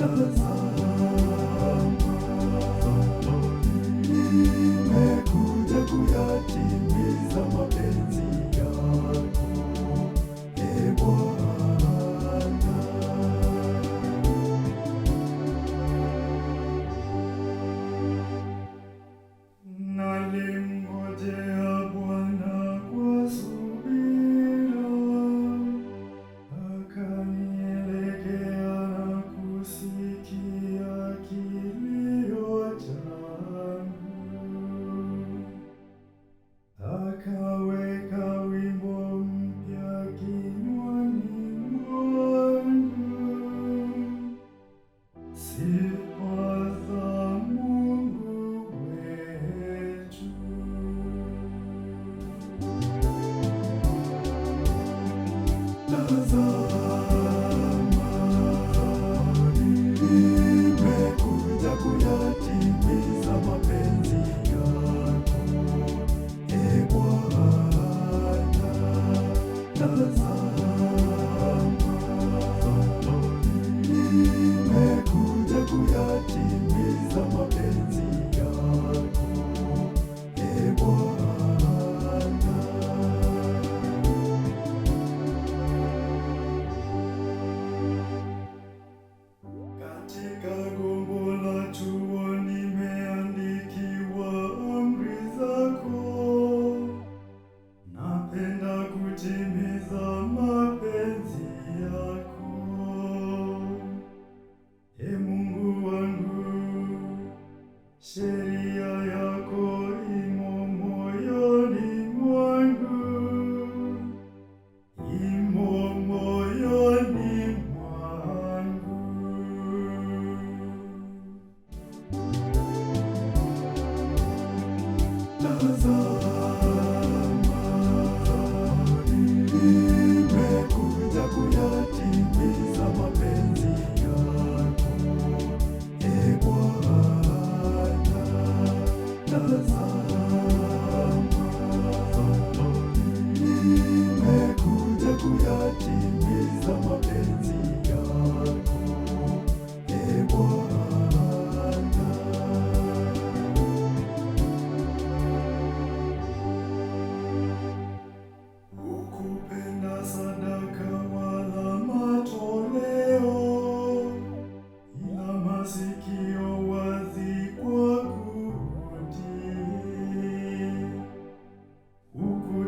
does.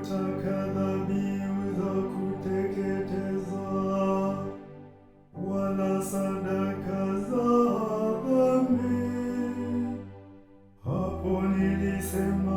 utaka dhabihu za kuteketeza, wala sadaka za dhambi. Hapo nilisema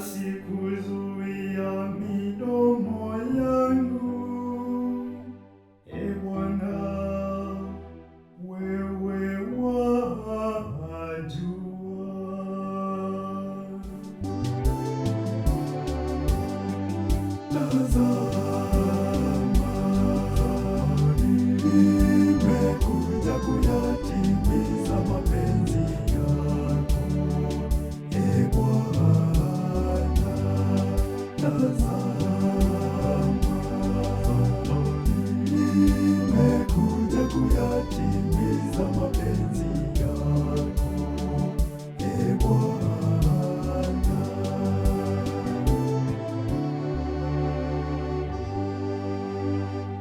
se curar.